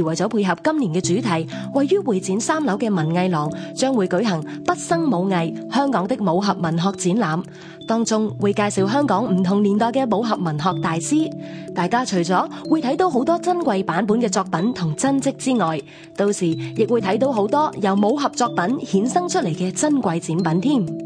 而為咗配合今年嘅主題，位於會展三樓嘅文藝廊將會舉行《畢生武藝：香港的武俠文學展覽》，當中會介紹香港唔同年代嘅武俠文學大師。大家除咗會睇到好多珍貴版本嘅作品同真跡之外，到時亦會睇到好多由武俠作品衍生出嚟嘅珍貴展品添。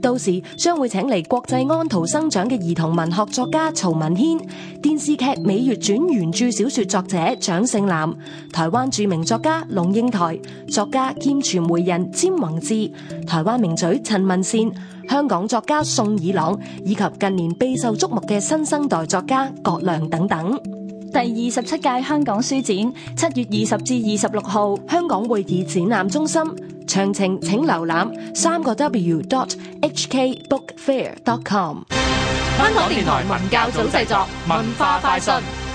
到時將會請嚟國際安徒生獎嘅兒童文學作家曹文軒、電視劇《羋月傳》原著小說作者蔣勝男、台灣著名作家龍應台、作家兼傳媒人詹宏志、台灣名嘴陳文茜、香港作家宋以朗以及近年備受矚目嘅新生代作家葛亮等等。第二十七屆香港書展七月二十至二十六號，香港會議展覽中心。詳情請瀏覽三個 W dot HK Book Fair dot com。香港電台文教組製作，文化快訊。